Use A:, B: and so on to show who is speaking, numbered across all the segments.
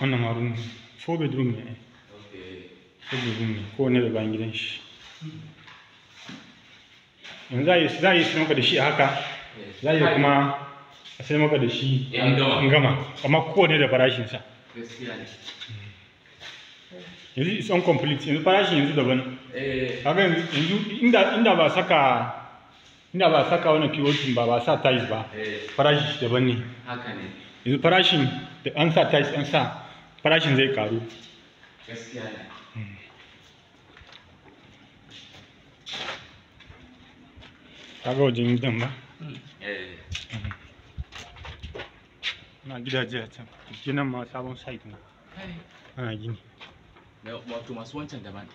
A: wannan ma room four bedroom ne four bedroom ne kowane da bayan gidan shi yanzu za a yi sai maka da shi a haka za a yi kuma a sai maka da shi an gama amma kowane da farashinsa yanzu is on complete yanzu farashin yanzu daban haka eh. yanzu inda ba saka inda ba saka wannan kiwotin ba ba sa tiles ba eh. Farashin shi daban ne yanzu farashin da an sa tiles an sa farashin zai karu gaskiya ne hmm. kaga wajen ba eh. na gidaje a can ginin ma sabon site na ana gini wato masu wancan daban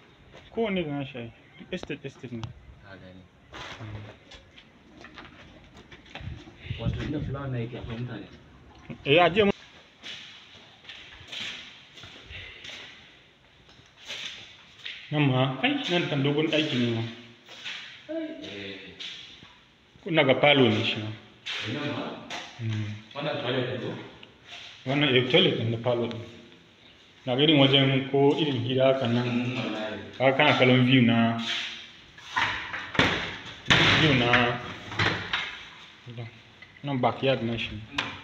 A: kowanne da na shayi duk estate estate ne hmm. wato inda fulawar na yake akwai mutane eh ajiye nan ma kai nan kan dogon ɗaki ne ma eh. kuna ga palo ne shi ma hmm. wannan toilet ne wannan eh toilet ne palo ne na irin wajen ko irin gida haka nan hmm, ka kana kallon view na view na nan backyard na shi hmm.